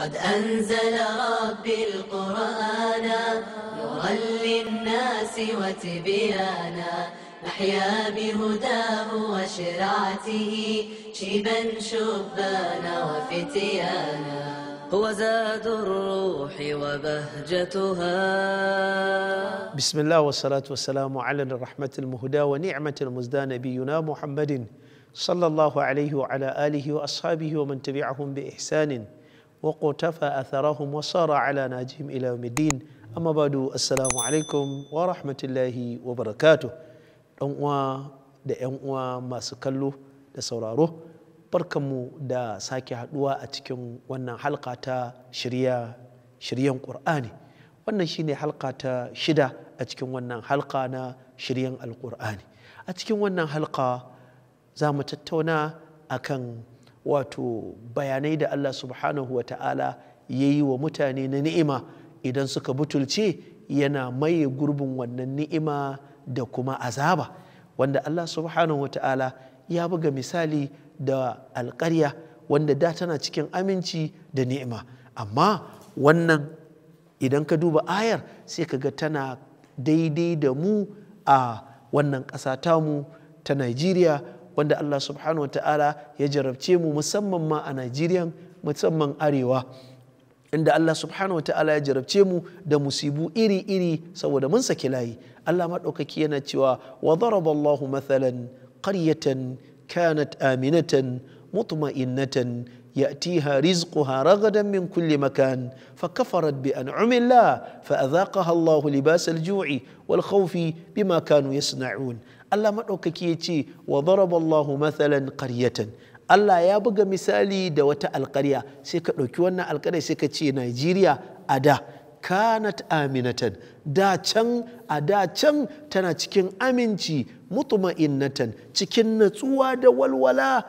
قد أنزل ربي القرآن نورا للناس وتبيانا نحيا بهداه وشرعته شيبا شبانا وفتيانا هو زاد الروح وبهجتها بسم الله والصلاة والسلام على الرحمة المهدى ونعمة المزدى نبينا محمد صلى الله عليه وعلى آله وأصحابه ومن تبعهم بإحسان وقتفى أثرهم وصار على ناجهم إلى يوم الدين أما بعد السلام عليكم ورحمة الله وبركاته uwa da 'yan uwa masu kallo da sauraro barkanmu da sake haɗuwa a cikin wannan halka ta shirya shiryen ƙur'ani wannan shine halka ta shida a cikin wannan halka na shiryen alƙur'ani a cikin wannan halka za mu tattauna akan wato bayanai da Allah subhanahu wa ta'ala ya yi wa mutane na ni'ima idan suka butulce yana maye gurbin wannan ni'ima da kuma azaba wanda Allah subhanahu wa ta'ala ya buga misali da alƙarya wanda da tana cikin aminci da ni'ima amma wannan idan ka duba ayar sai ka ga tana daidai da mu a wannan ƙasa mu ta Najeriya wanda Allah subhanahu wa ta'ala ya jarabce mu musamman ma a Najeriya musamman arewa inda Allah subhanahu wa ta'ala ya jarabce mu da musibu iri-iri saboda mun saki layi Allah maɗaukaki yana cewa wa daraba Allahu mathalan qaryatan kanat aminatan mutma'innatan يأتيها رزقها رغدا من كل مكان فكفرت بأنعم الله فأذاقها الله لباس الجوع والخوف بما كانوا يصنعون Allah maɗaukaki ya ce wa daraballahu mathalan qaryatan Allah ya buga misali da wata alƙarya sai ka ɗauki wannan alƙarya sai ka ce Najeriya a da kanat aminatan da can a da can tana cikin aminci mutuma'innatan cikin natsuwa da walwala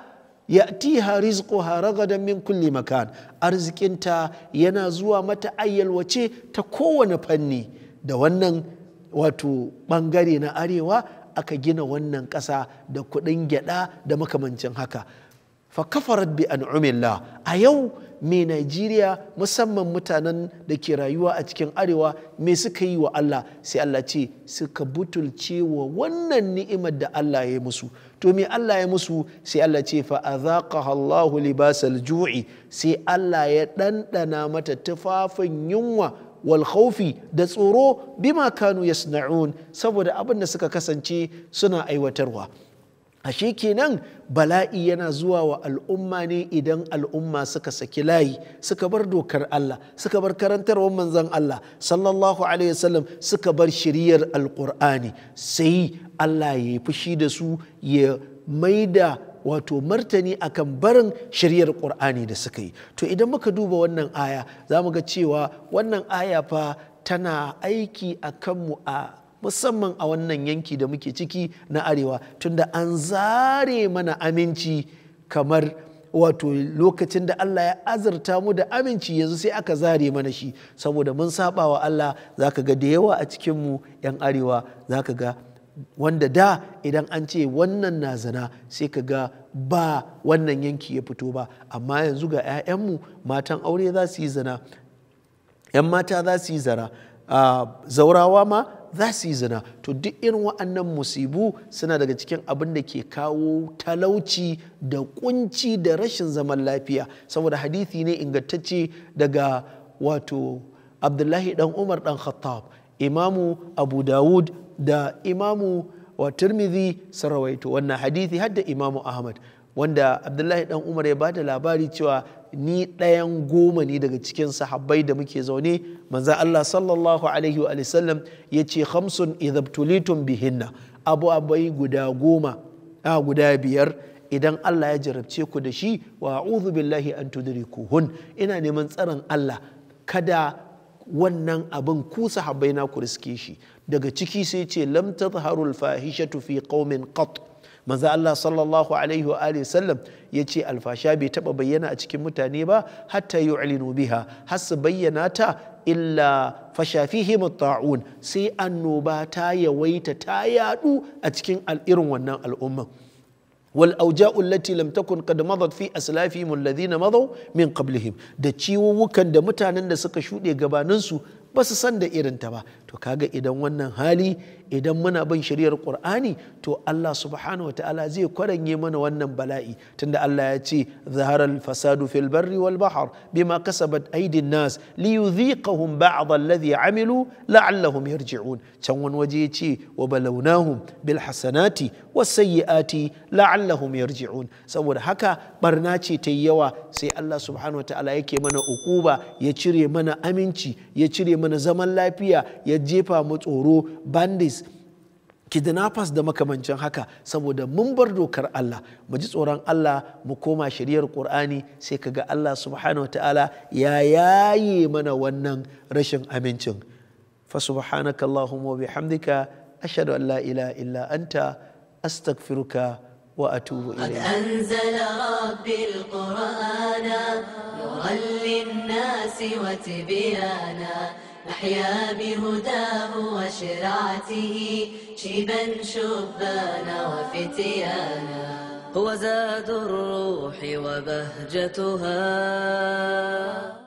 ya'tiha rizquha ragadan min kulli makan arzikinta yana zuwa mata ayyalwace ta kowane fanni da wannan wato bangare na arewa aka gina wannan ƙasa da kuɗin gyaɗa da makamancin haka fa kafarat bi an'umillah a yau me Najeriya musamman mutanen da ke rayuwa a cikin arewa me suka yi wa Allah sai Allah ce suka butulce wa wannan ni'imar da Allah ya yi musu to me Allah ya musu sai Allah ce fa azaqaha Allahu libasal ju'i sai Allah ya ɗanɗana mata tufafin yunwa wal da tsoro bima kanu yasna'un saboda abin da suka kasance suna aiwatarwa ashe kenan bala'i yana zuwa wa al'umma ne idan al'umma suka saki layi suka bar dokar Allah suka bar karantarwar manzon Allah sallallahu alaihi wasallam suka bar shiriyar alqur'ani sai Allah ya fushi da su ya maida wato martani akan barin shiryar ƙur'ani da suka yi to idan muka duba wannan aya za mu ga cewa wannan aya fa tana aiki a kanmu a musamman a wannan yanki da muke ciki na arewa tunda an zare mana aminci kamar wato lokacin da Allah ya azurta mu da aminci yanzu sai aka zare mana shi saboda mun saba wa Allah zaka ga da yawa a cikinmu 'yan arewa zaka ga wanda da idan an ce wannan na zana sai ka ga ba wannan yanki ya fito ba amma yanzu ga 'ya'yanmu matan aure za su yi zana 'yan mata za su yi zara zaurawa ma za su yi zana to duk irin wa'annan musibu suna daga cikin abin da ke kawo talauci da kunci da rashin zaman lafiya saboda hadithi ne ingantacce daga wato abdullahi dan umar dan khattab imamu abu dawud da imamu wa tirmidhi sarawaito wannan hadithi har imamu ahmad wanda abdullahi dan umar ya bada labari cewa ni ɗayan goma ne daga cikin sahabbai da muke zaune manzan allah sallallahu alaihi wa sallam ya ce hamsun idabtulitun bihinna abu abai guda goma a guda biyar idan Allah ya jarabce ku da shi wa a'udhu billahi an tudrikuhun ina neman tsaron Allah kada wannan abin ku sahabbai na ku riske shi daga ciki sai ce lam tazharul fahishatu fi qaumin qat manzo Allah sallallahu alaihi wa alihi sallam yace alfasha bai taba bayyana a cikin mutane ba hatta yu'linu biha har su bayyana ta illa fasha fihi mutta'un sai annoba ta yawaita ta yadu a cikin irin wannan al'umman والأوجاء التي لم تكن قد مضت في أسلافهم الذين مضوا من قبلهم da ciwuwukan da mutanen da suka shuɗe gabaninsu basu san da irinta ba to kaga idan wannan hali idan muna bin shari'ar qur'ani to Allah subhanahu wataala zai kwaranye mana wannan bala'i tunda Allah ya ce zaharal fasadu fil barri wal bahr bima kasabat aydin nas li yudhiqahum ba'd alladhi amilu la'allahum yarji'un can wani waje ya ce wa balawnahum bil hasanati was sayyiati la'allahum yarji'un saboda haka barna ce ta yi yawa sai Allah subhanahu ta'ala yake mana ukuba ya cire mana aminci ya cire mana zaman lafiya ya jefa mu tsoro bandis kidnappers da makamancin haka saboda mun bar dokar Allah mu ji tsoron Allah mu koma shari'ar Qur'ani sai kaga Allah subhanahu ta'ala ya yaye mana wannan rashin amincin fa subhanakallahumma wa bihamdika ashhadu an la ilaha illa anta astaghfiruka وأتوب إليه قد أنزل ربي القرآن نورا للناس وتبيانا نحيا بهداه وشرعته شيبا شبانا وفتيانا هو زاد الروح وبهجتها